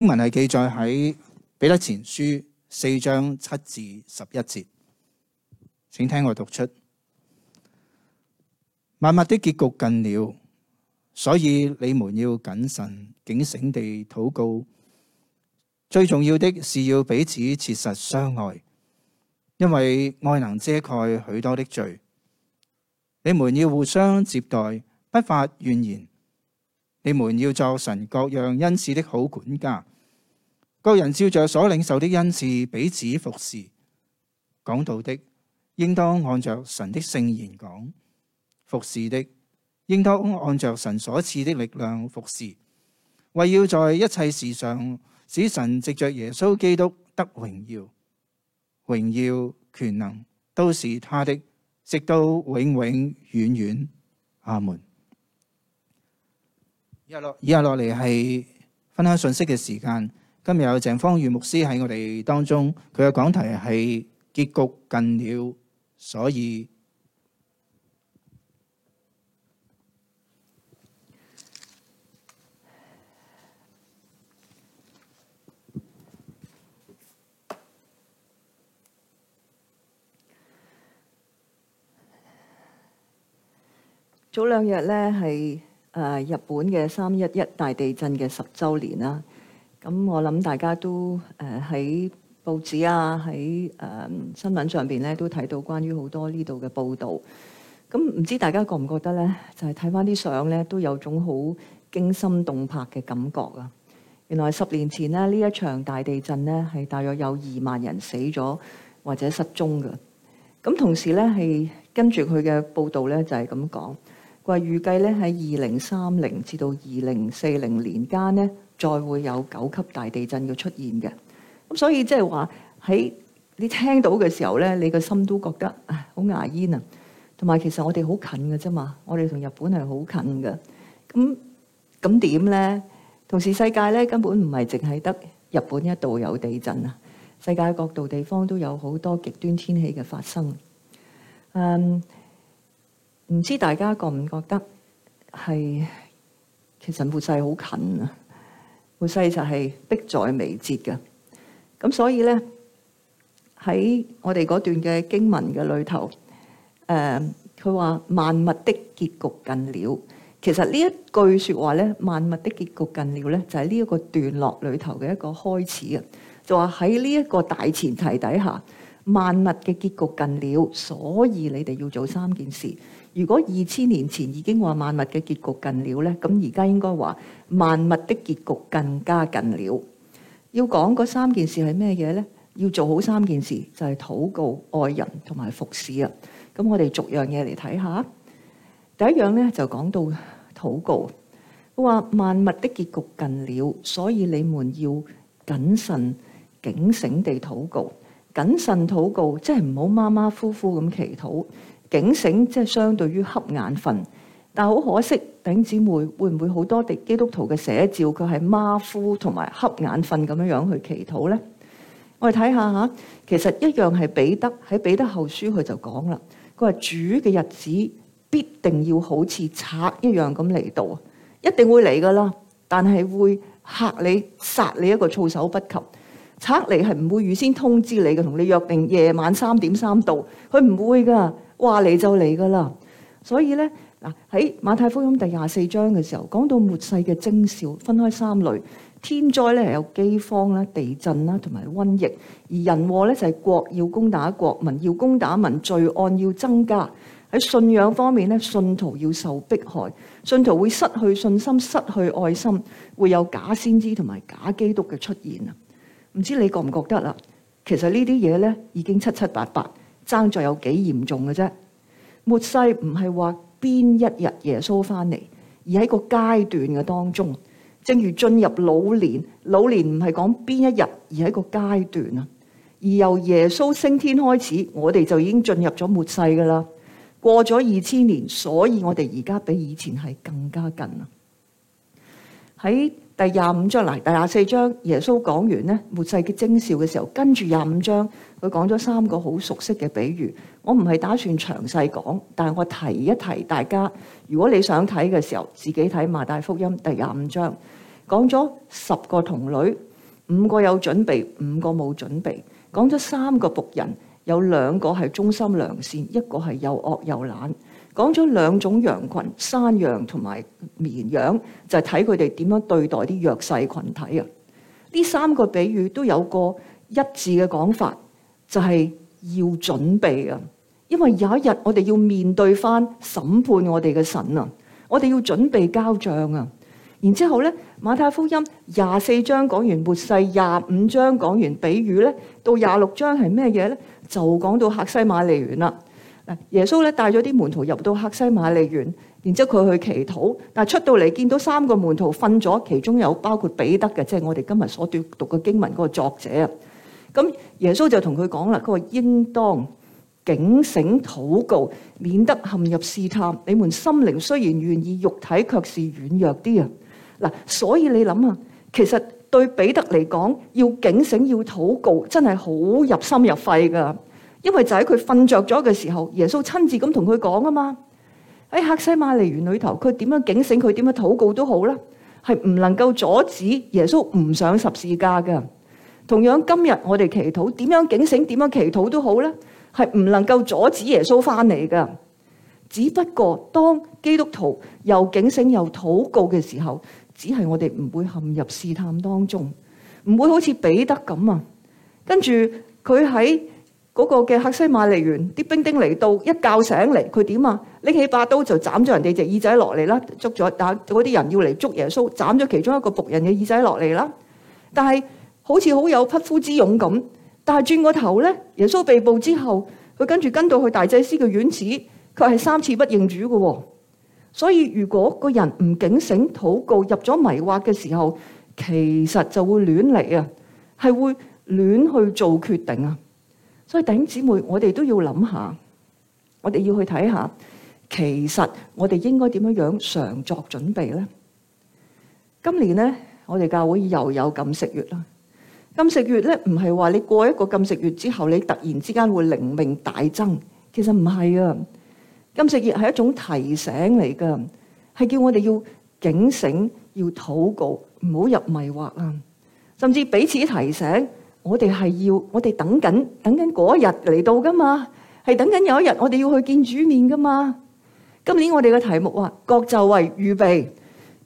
經文係記載喺彼得前書四章七至十一節，請聽我讀出。萬物的結局近了，所以你們要謹慎、警醒地禱告。最重要的是要彼此切實相愛，因為愛能遮蓋許多的罪。你們要互相接待，不發怨言，言。你們要做神各樣恩賜的好管家。各人照着所領受的恩賜彼此服侍。講道的應當按著神的聖言講，服侍的應當按著神所賜的力量服侍。為要在一切事上使神藉著耶穌基督得榮耀，榮耀權能都是他的，直到永永遠遠，遠。阿門。以下落以下落嚟係分享信息嘅時間。今日有鄭方如牧師喺我哋當中，佢嘅講題係結局近了，所以早兩日呢係誒日本嘅三一一大地震嘅十周年啦。咁我諗大家都誒喺、呃、報紙啊，喺誒、呃、新聞上邊咧都睇到關於好多呢度嘅報導。咁、嗯、唔知大家覺唔覺得呢？就係睇返啲相呢，都有種好驚心動魄嘅感覺啊！原來十年前呢，呢一場大地震呢係大約有二萬人死咗或者失蹤嘅。咁同時呢，係跟住佢嘅報導呢，就係咁講，佢話預計呢，喺二零三零至到二零四零年間呢，再會有九級大地震嘅出現嘅，咁所以即係話喺你聽到嘅時候呢，你個心都覺得啊好牙煙啊！同埋其實我哋好近㗎啫嘛，我哋同日本係好近㗎，咁咁點呢？同時世界呢，根本唔係淨係得日本一度有地震啊，世界各度地方都有好多極端天氣嘅發生。嗯，唔知大家覺唔覺得係其實末世好近啊？故世就係迫在眉睫嘅，咁所以咧喺我哋嗰段嘅經文嘅裏頭，誒、呃，佢話萬物的結局近了。其實呢一句說話咧，萬物的結局近了咧，就係呢一個段落裏頭嘅一個開始啊，就話喺呢一個大前提底下。萬物嘅結局近了，所以你哋要做三件事。如果二千年前已經話萬物嘅結局近了呢，咁而家應該話萬物的結局更加近了。要講嗰三件事係咩嘢呢？要做好三件事，就係禱告、愛人同埋服侍啊。咁我哋逐樣嘢嚟睇下。第一樣呢，就講到禱告。佢話萬物的結局近了，所以你們要謹慎警醒地禱告。謹慎禱告，即係唔好馬馬虎虎咁祈禱，警醒即係相對於瞌眼瞓。但好可惜，弟兄姊妹會唔會好多啲基督徒嘅寫照，佢係馬虎同埋瞌眼瞓咁樣樣去祈禱呢？我哋睇下吓，其實一樣係彼得喺彼得後書，佢就講啦。佢話主嘅日子必定要好似賊一樣咁嚟到，一定會嚟噶啦。但係會嚇你、殺你一個措手不及。賊嚟係唔會預先通知你嘅，同你約定夜晚三點三到，佢唔會噶話嚟就嚟噶啦。所以咧嗱喺馬太福音第廿四章嘅時候講到末世嘅徵兆，分開三類天災咧係有饑荒啦、地震啦同埋瘟疫，而人禍咧就係國要攻打國民、民要攻打民、罪案要增加，喺信仰方面咧，信徒要受迫害，信徒會失去信心、失去愛心，會有假先知同埋假基督嘅出現啊！唔知你覺唔覺得啦？其實呢啲嘢咧已經七七八八爭在有幾嚴重嘅啫。末世唔係話邊一日耶穌返嚟，而喺個階段嘅當中，正如進入老年，老年唔係講邊一日，而喺個階段啊。而由耶穌升天開始，我哋就已經進入咗末世㗎喇。過咗二千年，所以我哋而家比以前係更加近啊。喺第廿五章啦，第廿四章耶穌講完末世嘅徵兆嘅時候，跟住廿五章佢講咗三個好熟悉嘅比喻。我唔係打算詳細講，但係我提一提大家。如果你想睇嘅時候，自己睇馬大福音第廿五章，講咗十個童女，五個有準備，五個冇準備。講咗三個僕人，有兩個係忠心良善，一個係又惡又懶。講咗兩種羊群，山羊同埋綿羊，就係睇佢哋點樣對待啲弱勢群體啊！呢三個比喻都有個一致嘅講法，就係要準備啊！因為有一日我哋要面對翻審判我哋嘅神啊，我哋要準備交賬啊！然之後咧，馬太福音廿四章講完末世，廿五章講完比喻咧，到廿六章係咩嘢咧？就講到客西馬尼園啦。耶穌咧帶咗啲門徒入到客西馬利園，然之後佢去祈禱，但係出到嚟見到三個門徒瞓咗，其中有包括彼得嘅，即係我哋今日所讀讀嘅經文嗰個作者啊。咁耶穌就同佢講啦，佢話應當警醒禱告，免得陷入試探。你們心靈雖然願意，肉體卻是軟弱啲啊。嗱，所以你諗啊，其實對彼得嚟講，要警醒要禱告，真係好入心入肺㗎。因為就喺佢瞓着咗嘅時候，耶穌親自咁同佢講啊嘛，喺客、哎、西馬尼園裏頭，佢點樣警醒佢，點樣禱告都好啦，係唔能夠阻止耶穌唔上十字架嘅。同樣今日我哋祈禱，點樣警醒，點樣祈禱都好咧，係唔能夠阻止耶穌翻嚟嘅。只不過當基督徒又警醒又禱告嘅時候，只係我哋唔會陷入試探當中，唔會好似彼得咁啊。跟住佢喺。嗰個嘅客西馬尼園，啲兵丁嚟到，一覺醒嚟，佢點啊？拎起把刀就斬咗人哋隻耳仔落嚟啦，捉咗但，嗰啲人要嚟捉耶穌，斬咗其中一個僕人嘅耳仔落嚟啦。但係好似好有匹夫之勇咁，但係轉個頭咧，耶穌被捕之後，佢跟住跟着到去大祭司嘅院子，佢係三次不認主嘅。所以如果個人唔警醒、禱告，入咗迷惑嘅時候，其實就會亂嚟啊，係會亂去做決定啊。所以弟兄姊妹，我哋都要諗下，我哋要去睇下，其實我哋應該點樣樣常作準備咧？今年咧，我哋教會又有禁食月啦。禁食月咧，唔係話你過一個禁食月之後，你突然之間會靈命大增，其實唔係啊。禁食月係一種提醒嚟㗎，係叫我哋要警醒、要禱告，唔好入迷惑啊，甚至彼此提醒。我哋係要，我哋等緊等緊嗰日嚟到噶嘛？係等緊有一日我哋要去見主面噶嘛？今年我哋嘅題目話各就位、預備，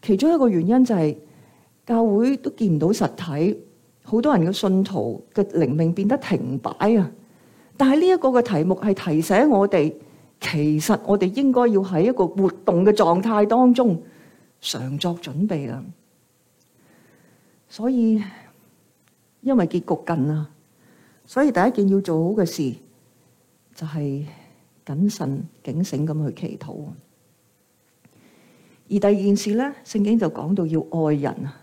其中一個原因就係教會都見唔到實體，好多人嘅信徒嘅靈命變得停擺啊！但係呢一個嘅題目係提醒我哋，其實我哋應該要喺一個活動嘅狀態當中常作準備啊！所以。因為結局近啦，所以第一件要做好嘅事就係謹慎警醒，咁去祈禱。而第二件事咧，聖經就講到要愛人啊，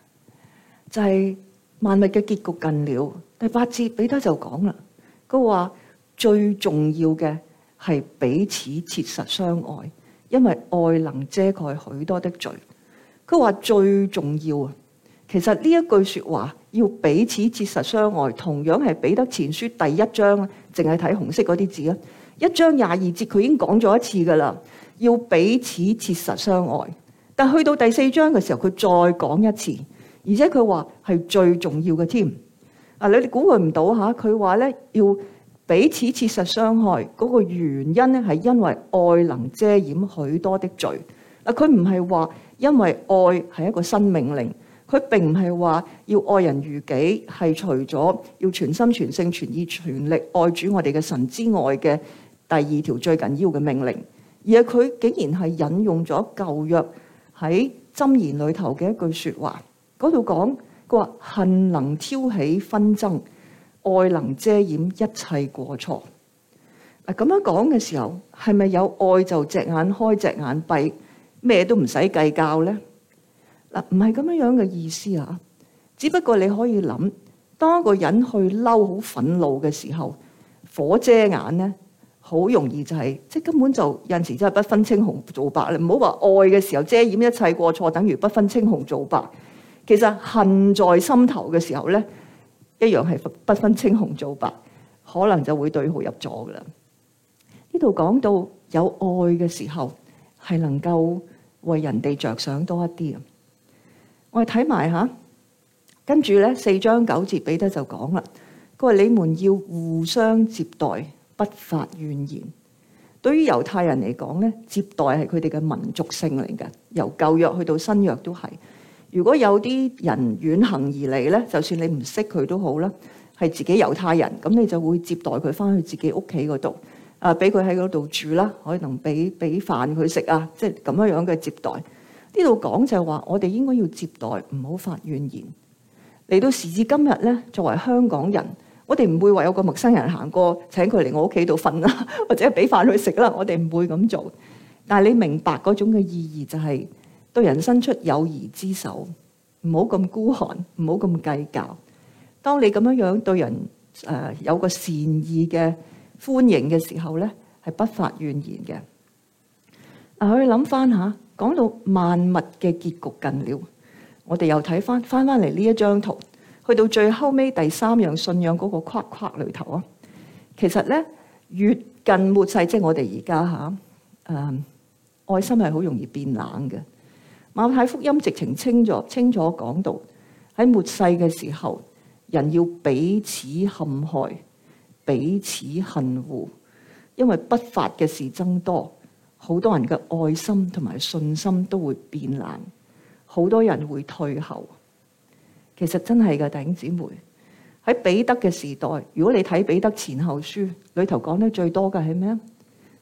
就係萬物嘅結局近了。第八節彼得就講啦，佢話最重要嘅係彼此切實相愛，因為愛能遮蓋許多的罪。佢話最重要啊！其實呢一句説話要彼此切實相愛，同樣係彼得前書第一章啊，淨係睇紅色嗰啲字啊。一章廿二節佢已經講咗一次㗎啦，要彼此切實相愛。但去到第四章嘅時候，佢再講一次，而且佢話係最重要嘅添啊。你哋估佢唔到嚇，佢話咧要彼此切實相愛嗰、那個原因咧係因為愛能遮掩許多的罪啊。佢唔係話因為愛係一個新命令。佢並唔係話要愛人如己，係除咗要全心全性全意全力愛主我哋嘅神之外嘅第二條最緊要嘅命令，而係佢竟然係引用咗舊約喺箴言裏頭嘅一句説話，嗰度講，佢話恨能挑起紛爭，愛能遮掩一切過錯。嗱，咁樣講嘅時候，係咪有愛就隻眼開隻眼閉，咩都唔使計較呢？嗱，唔係咁樣樣嘅意思啊！只不過你可以諗，當一個人去嬲、好憤怒嘅時候，火遮眼咧，好容易就係、是、即係根本就有陣時真係不分青紅皂白。你唔好話愛嘅時候遮掩一切過錯，等於不分青紅皂白。其實恨在心頭嘅時候咧，一樣係不分青紅皂白，可能就會對號入座噶啦。呢度講到有愛嘅時候，係能夠為人哋着想多一啲啊！我哋睇埋吓，跟住咧四章九節，彼得就講啦。佢話：你們要互相接待，不發怨言。對於猶太人嚟講咧，接待係佢哋嘅民族性嚟嘅，由舊約去到新約都係。如果有啲人遠行而嚟咧，就算你唔識佢都好啦，係自己猶太人，咁你就會接待佢翻去自己屋企嗰度，啊，俾佢喺嗰度住啦，可能俾俾飯佢食啊，即係咁樣樣嘅接待。呢度講就係話，我哋應該要接待，唔好發怨言。嚟到時至今日咧，作為香港人，我哋唔會話有個陌生人行過，請佢嚟我屋企度瞓啦，或者俾飯佢食啦，我哋唔會咁做。但係你明白嗰種嘅意義，就是，就係對人伸出友誼之手，唔好咁孤寒，唔好咁計較。當你咁樣樣對人誒、呃、有個善意嘅歡迎嘅時候咧，係不發怨言嘅。啊、呃，去諗翻下。講到萬物嘅結局近了，我哋又睇翻翻翻嚟呢一張圖，去到最後尾第三樣信仰嗰個框框裡頭啊，其實咧越近末世，即係我哋而家嚇，嗯，愛心係好容易變冷嘅。馬太福音直情清咗清楚講到喺末世嘅時候，人要彼此陷害、彼此恨惡，因為不法嘅事增多。好多人嘅愛心同埋信心都會變爛，好多人會退後。其實真係嘅，弟兄姊妹喺彼得嘅時代，如果你睇彼得前後書裏頭講得最多嘅係咩？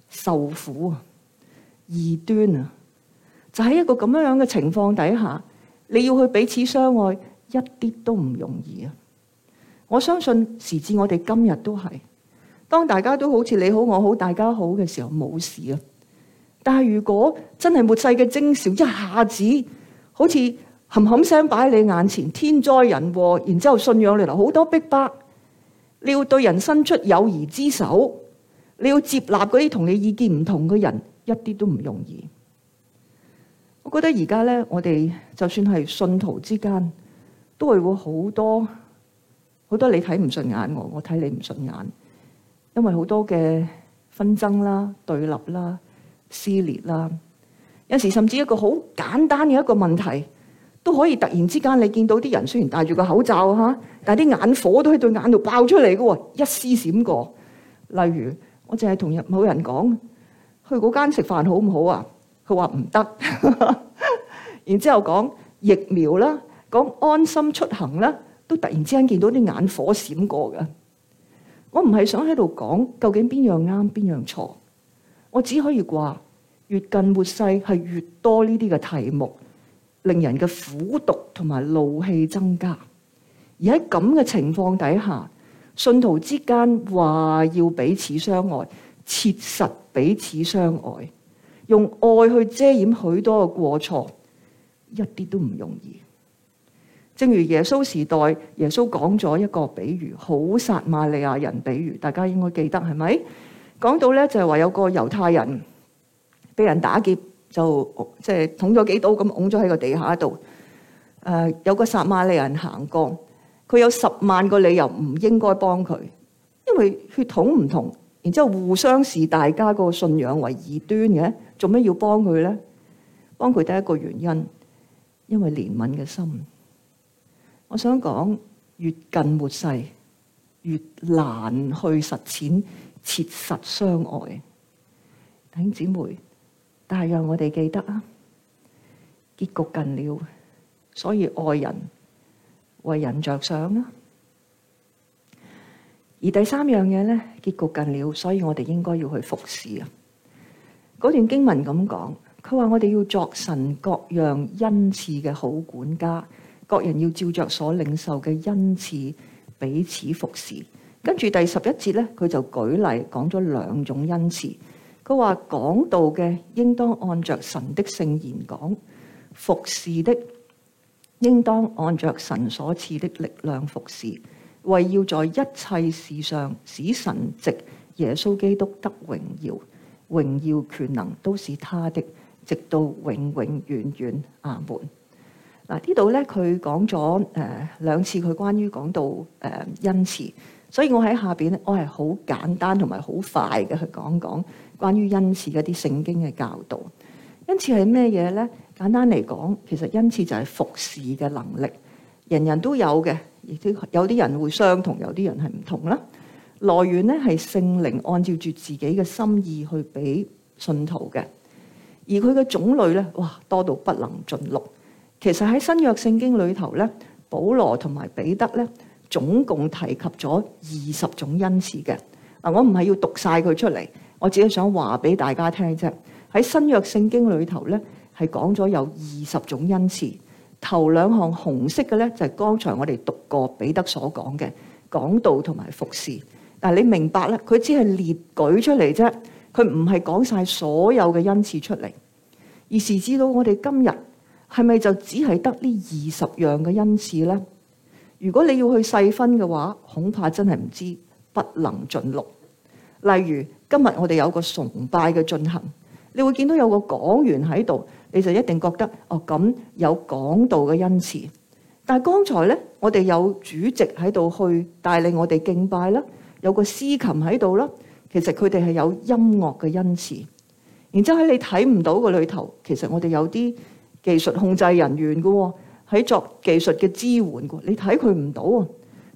受苦啊，異端啊，就喺一個咁樣樣嘅情況底下，你要去彼此相愛一啲都唔容易啊！我相信時至我哋今日都係當大家都好似你好我好大家好嘅時候冇事啊。但係，如果真係末世嘅徵兆，一下子好似冚冚聲擺喺你眼前，天災人禍，然之後信仰你，嚟好多逼迫，你要對人伸出友誼之手，你要接納嗰啲同你意見唔同嘅人，一啲都唔容易。我覺得而家咧，我哋就算係信徒之間，都會會好多好多你睇唔順眼我，我睇你唔順眼，因為好多嘅紛爭啦、對立啦。撕裂啦！有時甚至一個好簡單嘅一個問題，都可以突然之間你見到啲人雖然戴住個口罩吓，但啲眼火都喺對眼度爆出嚟嘅喎，一絲閃過。例如我淨係同某人講去嗰間食飯好唔好啊？佢話唔得。 然之後講疫苗啦，講安心出行啦，都突然之間見到啲眼火閃過㗎。我唔係想喺度講究竟邊樣啱邊樣錯。我只可以話，越近末世係越多呢啲嘅題目，令人嘅苦毒同埋怒氣增加。而喺咁嘅情況底下，信徒之間話要彼此相愛，切實彼此相愛，用愛去遮掩許多嘅過錯，一啲都唔容易。正如耶穌時代，耶穌講咗一個比喻，好撒瑪利亞人比喻，大家應該記得，係咪？講到咧，就係話有個猶太人俾人打劫，就即係捅咗幾刀咁，拱咗喺個地下度。誒，有個撒瑪利人行過，佢有十萬個理由唔應該幫佢，因為血統唔同，然之後互相視大家個信仰為異端嘅，做咩要幫佢咧？幫佢第一個原因，因為憐憫嘅心。我想講，越近末世，越難去實踐。切實相愛，弟兄姊妹。但係讓我哋記得啊，結局近了，所以愛人為人着想啦。而第三樣嘢咧，結局近了，所以我哋應該要去服侍啊。嗰段經文咁講，佢話我哋要作神各樣恩賜嘅好管家，各人要照着所領受嘅恩賜彼此服侍。跟住第十一節咧，佢就舉例講咗兩種恩賜。佢話講道嘅，應當按着神的聖言講；服侍的，應當按着神所賜的力量服侍，為要在一切事上使神藉耶穌基督得榮耀，榮耀權能都是他的，直到永永遠遠。阿門。嗱、啊，呢度咧，佢講咗誒兩次佢關於講到誒、呃、恩賜。所以我喺下邊咧，我係好簡單同埋好快嘅去講講關於恩賜一啲聖經嘅教導。恩賜係咩嘢咧？簡單嚟講，其實恩賜就係服侍嘅能力，人人都有嘅，亦都有啲人會相同，有啲人係唔同啦。來源咧係聖靈，按照住自己嘅心意去俾信徒嘅，而佢嘅種類咧，哇，多到不能盡錄。其實喺新約聖經裏頭咧，保羅同埋彼得咧。總共提及咗二十種恩賜嘅，嗱我唔係要讀晒佢出嚟，我只係想話俾大家聽啫。喺新約聖經裏頭呢，係講咗有二十種恩賜。頭兩項紅色嘅呢，就係、是、剛才我哋讀過彼得所講嘅講道同埋服侍。但係你明白咧，佢只係列舉出嚟啫，佢唔係講晒所有嘅恩賜出嚟，而時至到我哋今日係咪就只係得呢二十樣嘅恩賜呢？如果你要去細分嘅話，恐怕真係唔知不能盡錄。例如今日我哋有個崇拜嘅進行，你會見到有個講員喺度，你就一定覺得哦咁有講道嘅恩賜。但係剛才呢，我哋有主席喺度去帶領我哋敬拜啦，有個司琴喺度啦，其實佢哋係有音樂嘅恩賜。然之後喺你睇唔到嘅裏頭，其實我哋有啲技術控制人員㗎喎。喺作技術嘅支援，你睇佢唔到啊！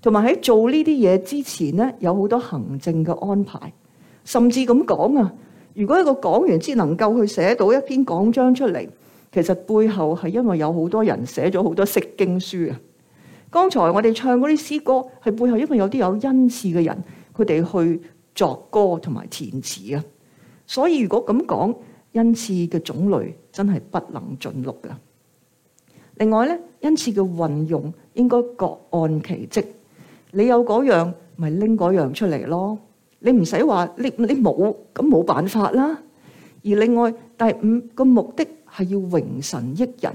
同埋喺做呢啲嘢之前呢，有好多行政嘅安排，甚至咁講啊！如果一個講員只能夠去寫到一篇講章出嚟，其實背後係因為有好多人寫咗好多釋經書啊！剛才我哋唱嗰啲詩歌，係背後因為有啲有恩賜嘅人，佢哋去作歌同埋填詞啊！所以如果咁講，恩賜嘅種類真係不能盡錄噶。另外咧，恩賜嘅運用應該各按其職，你有嗰樣咪拎嗰樣出嚟咯。你唔使話你你冇，咁冇辦法啦。而另外第五個目的係要榮神益人，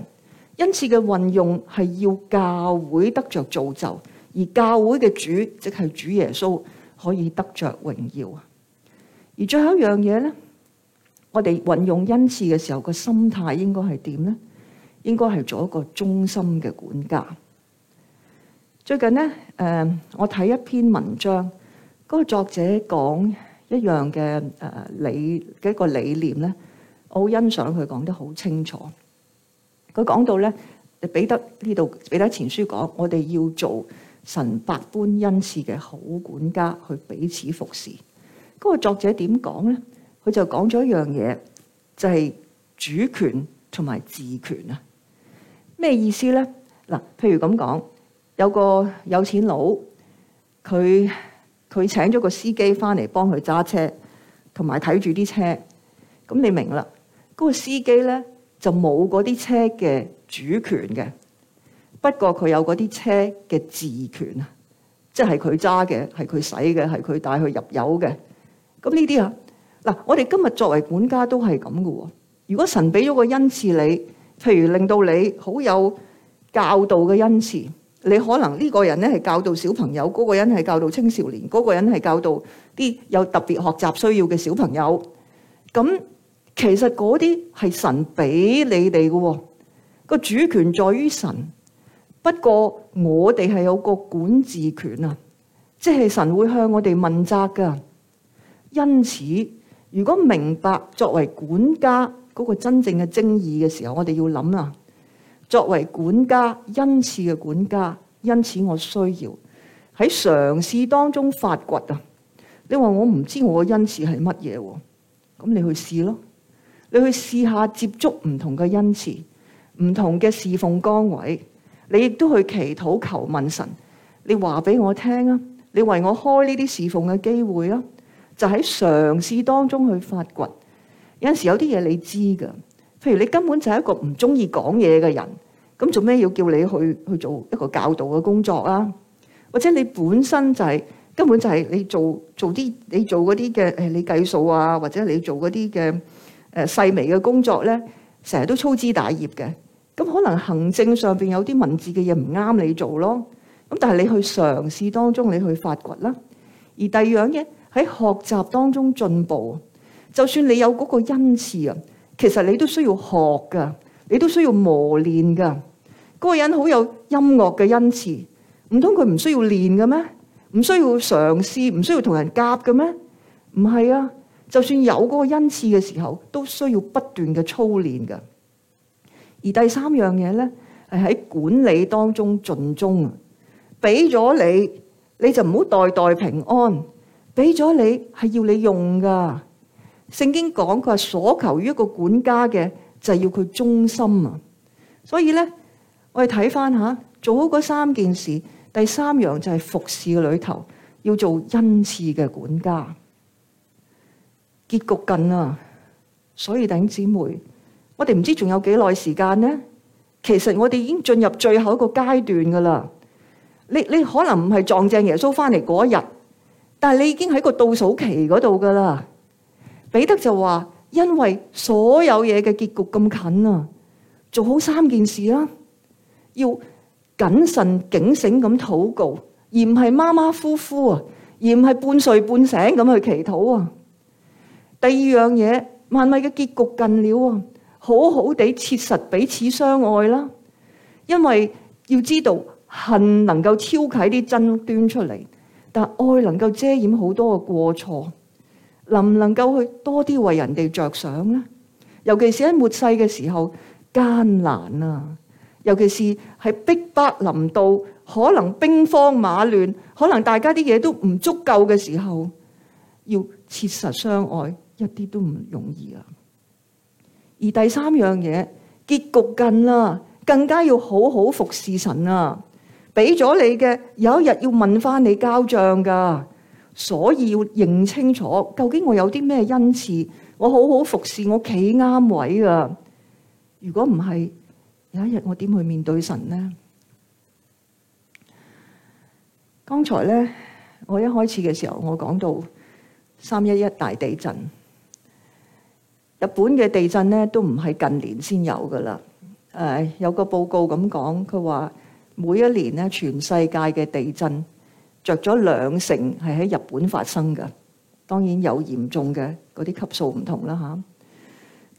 恩賜嘅運用係要教會得着造就，而教會嘅主即係主耶穌可以得着榮耀。而最後一樣嘢咧，我哋運用恩賜嘅時候，個心態應該係點咧？應該係做一個忠心嘅管家。最近咧，誒，我睇一篇文章，嗰、那個作者講一樣嘅誒理嘅一個理念咧，我好欣賞佢講得好清楚。佢講到咧，彼得呢度，彼得前書講，我哋要做神百般恩賜嘅好管家，去彼此服侍。那嗰個作者點講咧？佢就講咗一樣嘢，就係、是、主權同埋自權啊！咩意思咧？嗱，譬如咁講，有個有錢佬，佢佢請咗個司機翻嚟幫佢揸車，同埋睇住啲車。咁你明啦？嗰個司機咧就冇嗰啲車嘅主權嘅，不過佢有嗰啲車嘅自權啊，即係佢揸嘅，係佢使嘅，係佢帶去入油嘅。咁呢啲啊，嗱，我哋今日作為管家都係咁噶喎。如果神俾咗個恩賜你，譬如令到你好有教導嘅恩賜，你可能呢個人咧係教導小朋友，嗰個人係教導青少年，嗰個人係教導啲有特別學習需要嘅小朋友。咁其實嗰啲係神俾你哋嘅喎，個主權在於神。不過我哋係有個管治權啊，即係神會向我哋問責㗎。因此，如果明白作為管家，嗰個真正嘅精義嘅時候，我哋要諗啊。作為管家恩賜嘅管家，因此我需要喺嘗試當中發掘啊！你話我唔知我嘅恩賜係乜嘢喎？咁你去試咯，你去試下接觸唔同嘅恩賜，唔同嘅侍奉崗位，你亦都去祈禱求問神，你話俾我聽啊！你為我開呢啲侍奉嘅機會啊！就喺嘗試當中去發掘。有陣時有啲嘢你知㗎，譬如你根本就係一個唔中意講嘢嘅人，咁做咩要叫你去去做一個教導嘅工作啊？或者你本身就係、是、根本就係你做做啲你做嗰啲嘅誒，你計數啊，或者你做嗰啲嘅誒細微嘅工作咧，成日都粗枝大葉嘅，咁可能行政上邊有啲文字嘅嘢唔啱你做咯，咁但係你去嘗試當中你去發掘啦。而第二樣嘢喺學習當中進步。就算你有嗰個恩賜啊，其實你都需要學㗎，你都需要磨練㗎。嗰個人好有音樂嘅恩賜，唔通佢唔需要練嘅咩？唔需要嘗試，唔需要同人夾嘅咩？唔係啊，就算有嗰個恩賜嘅時候，都需要不斷嘅操練㗎。而第三樣嘢呢，係喺管理當中盡忠啊。俾咗你，你就唔好代代平安。俾咗你係要你用㗎。聖經講佢話，所求於一個管家嘅就係、是、要佢忠心啊。所以咧，我哋睇翻嚇做好嗰三件事，第三樣就係服侍嘅裏頭要做恩賜嘅管家。結局近啦，所以頂姊妹，我哋唔知仲有幾耐時間咧。其實我哋已經進入最後一個階段噶啦。你，你可能唔係撞正耶穌翻嚟嗰日，但係你已經喺個倒數期嗰度噶啦。彼得就話：因為所有嘢嘅結局咁近啊，做好三件事啦，啊，要謹慎警醒咁禱告，而唔係馬馬虎虎啊，而唔係半睡半醒咁去祈禱啊。第二樣嘢，萬物嘅結局近了啊，好好地切實彼此相愛啦，啊，因為要知道恨能夠挑起啲爭端出嚟，但愛能夠遮掩好多嘅過錯。能唔能夠去多啲為人哋着想咧？尤其是喺末世嘅時候艱難啊！尤其是係逼迫臨到，可能兵荒馬亂，可能大家啲嘢都唔足夠嘅時候，要切實相愛，一啲都唔容易啊！而第三樣嘢，結局近啦，更加要好好服侍神啊！俾咗你嘅，有一日要問返你交賬噶。所以要認清楚，究竟我有啲咩恩賜？我好好服侍，我企啱位啊！如果唔係，有一日我點去面對神呢？剛才咧，我一開始嘅時候，我講到三一一大地震，日本嘅地震咧都唔係近年先有㗎喇。誒，有個報告咁講，佢話每一年咧全世界嘅地震。着咗兩成係喺日本發生嘅，當然有嚴重嘅嗰啲級數唔同啦嚇。兩張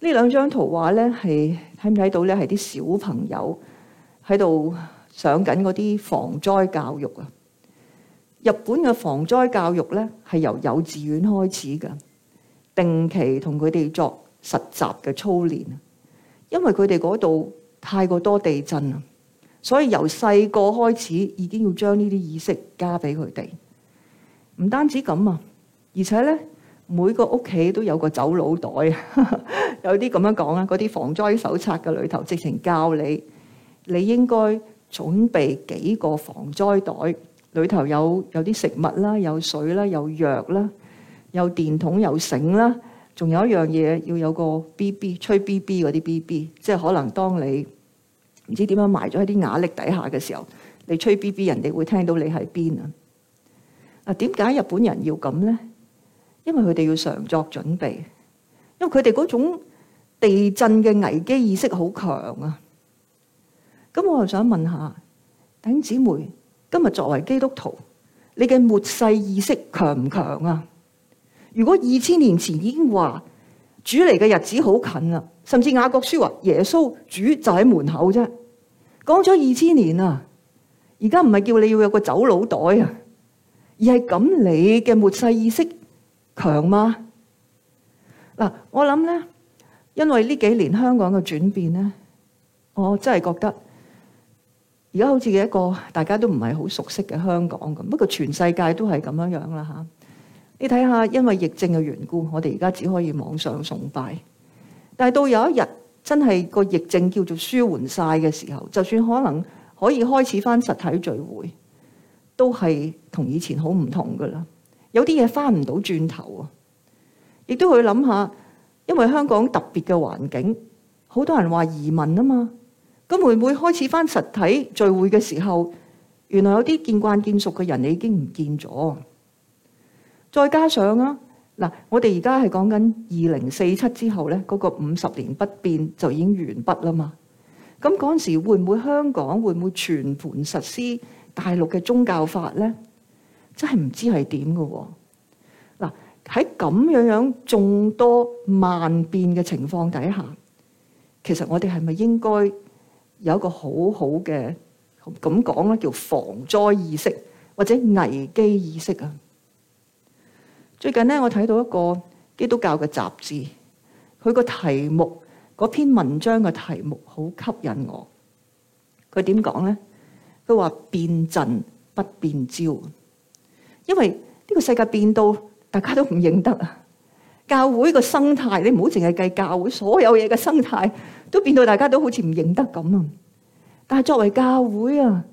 呢兩張圖畫咧係睇唔睇到咧係啲小朋友喺度上緊嗰啲防災教育啊？日本嘅防災教育咧係由幼稚園開始嘅，定期同佢哋作實習嘅操練，因為佢哋嗰度太過多地震。所以由細個開始已經要將呢啲意識加俾佢哋，唔單止咁啊，而且咧每個屋企都有個走佬袋，啊。 有啲咁樣講啊，嗰啲防災手冊嘅裏頭直情教你，你應該準備幾個防災袋，裏頭有有啲食物啦，有水啦，有藥啦，有電筒、有繩啦，仲有一樣嘢要有個 BB 吹 BB 嗰啲 BB，即係可能當你。唔知點樣埋咗喺啲瓦礫底下嘅時候，你吹 B B，人哋會聽到你喺邊啊？嗱，點解日本人要咁呢？因為佢哋要常作準備，因為佢哋嗰種地震嘅危機意識好強啊！咁我又想問下弟兄姊妹，今日作為基督徒，你嘅末世意識強唔強啊？如果二千年前已經話主嚟嘅日子好近啦，甚至雅各書話耶穌主就喺門口啫。講咗二千年啊！而家唔係叫你要有個走佬袋啊，而係咁你嘅末世意識強嗎？嗱，我諗咧，因為呢幾年香港嘅轉變咧，我真係覺得而家好似一個大家都唔係好熟悉嘅香港咁，不過全世界都係咁樣樣啦吓，你睇下，因為疫症嘅緣故，我哋而家只可以網上崇拜，但係到有一日，真係個疫症叫做舒緩晒嘅時候，就算可能可以開始返實體聚會，都係同以前好唔同㗎喇。有啲嘢返唔到轉頭啊！亦都去諗下，因為香港特別嘅環境，好多人話移民吖嘛，咁會唔會開始返實體聚會嘅時候，原來有啲見慣見熟嘅人你已經唔見咗？再加上吖～嗱，我哋而家係講緊二零四七之後咧，嗰個五十年不變就已經完畢啦嘛。咁嗰陣時會唔會香港會唔會全盤實施大陸嘅宗教法咧？真係唔知係點㗎喎。嗱，喺咁樣樣眾多萬變嘅情況底下，其實我哋係咪應該有一個好好嘅咁講咧，叫防災意識或者危機意識啊？最近咧，我睇到一個基督教嘅雜誌，佢個題目，嗰篇文章嘅題目好吸引我。佢點講咧？佢話變陣不變招，因為呢個世界變到大家都唔認得啊。教會個生態，你唔好淨係計教會所有嘢嘅生態都變到大家都好似唔認得咁啊。但係作為教會啊，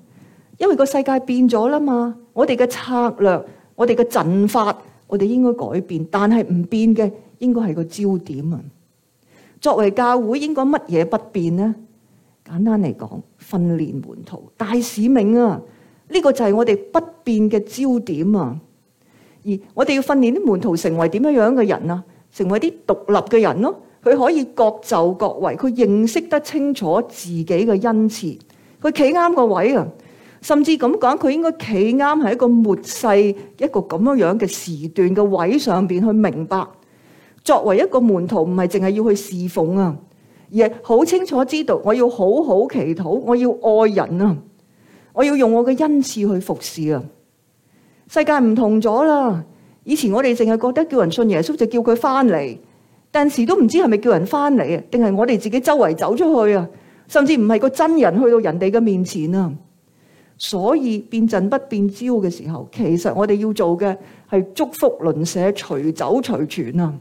因為個世界變咗啦嘛，我哋嘅策略，我哋嘅陣法。我哋應該改變，但係唔變嘅應該係個焦點啊！作為教會，應該乜嘢不變呢？簡單嚟講，訓練門徒大使命啊！呢個就係我哋不變嘅焦點啊！而我哋要訓練啲門徒成為點樣樣嘅人啊？成為啲獨立嘅人咯，啊，佢可以各就各位，佢認識得清楚自己嘅恩賜，佢企啱個位啊！甚至咁講，佢應該企啱喺一個末世一個咁樣樣嘅時段嘅位上邊去明白，作為一個門徒，唔係淨係要去侍奉啊，而係好清楚知道我要好好祈禱，我要愛人啊，我要用我嘅恩賜去服侍啊。世界唔同咗啦，以前我哋淨係覺得叫人信耶穌就叫佢翻嚟，有陣時都唔知係咪叫人翻嚟啊，定係我哋自己周圍走出去啊，甚至唔係個真人去到人哋嘅面前啊。所以變陣不變招嘅時候，其實我哋要做嘅係祝福鄰舍隨走隨傳啊！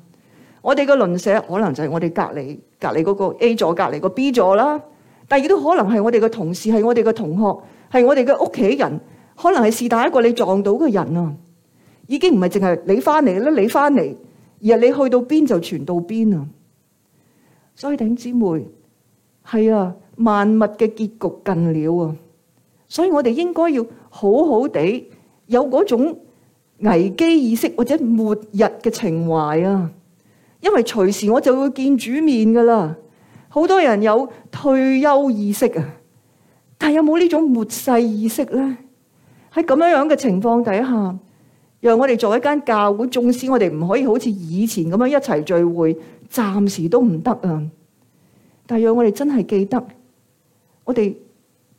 我哋嘅鄰舍可能就係我哋隔籬隔籬嗰個 A 座隔籬個 B 座啦，但亦都可能係我哋嘅同事，係我哋嘅同學，係我哋嘅屋企人，可能係是但一個你撞到嘅人啊！已經唔係淨係你翻嚟啦，你翻嚟，而係你去到邊就傳到邊啊！所以頂姊妹，係啊，萬物嘅結局近了啊！所以我哋應該要好好地有嗰種危機意識或者末日嘅情懷啊，因為隨時我就會見主面㗎喇。好多人有退休意識啊，但有冇呢種末世意識咧？喺咁樣樣嘅情況底下，讓我哋做一間教會，縱使我哋唔可以好似以前咁樣一齊聚會，暫時都唔得啊。但係讓我哋真係記得，我哋。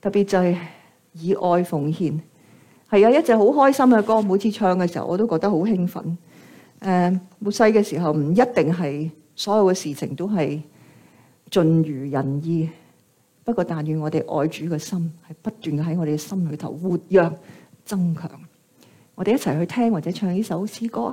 特別就係以愛奉獻，係啊，一隻好開心嘅歌，每次唱嘅時候我都覺得好興奮。誒、嗯，活世嘅時候唔一定係所有嘅事情都係盡如人意，不過但願我哋愛主嘅心係不斷喺我哋嘅心裏頭活躍增強。我哋一齊去聽或者唱呢首詩歌。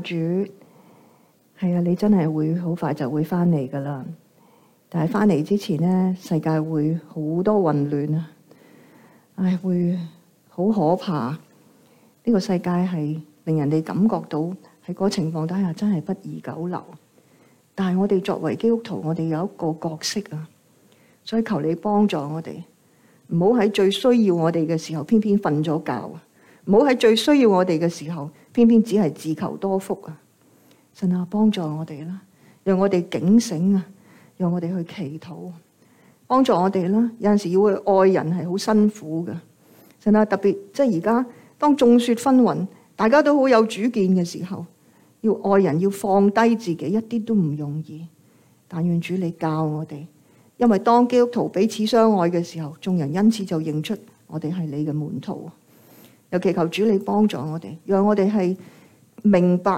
主係啊！你真係會好快就會翻嚟噶啦，但係翻嚟之前呢，世界會好多混亂啊！唉，會好可怕。呢個世界係令人哋感覺到喺嗰個情況底下真係不宜久留。但係我哋作為基督徒，我哋有一個角色啊，所以求你幫助我哋，唔好喺最需要我哋嘅時候偏偏瞓咗覺，唔好喺最需要我哋嘅時候。偏偏只係自求多福啊！神啊，幫助我哋啦，讓我哋警醒啊，讓我哋去祈禱，幫助我哋啦。有陣時要去愛人係好辛苦㗎，神啊，特別即係而家當眾說紛紜，大家都好有主見嘅時候，要愛人要放低自己一啲都唔容易。但願主你教我哋，因為當基督徒彼此相愛嘅時候，眾人因此就認出我哋係你嘅門徒。求祈求主你幫助我哋，讓我哋係明白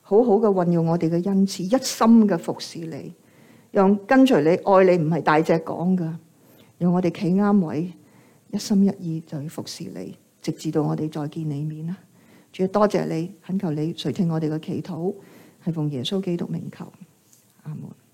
好好嘅運用我哋嘅恩賜，一心嘅服侍你，讓跟隨你愛你唔係大隻講噶，讓我哋企啱位，一心一意就要服侍你，直至到我哋再見你面啦。仲要多謝你，懇求你垂聽我哋嘅祈禱，係奉耶穌基督名求，阿門。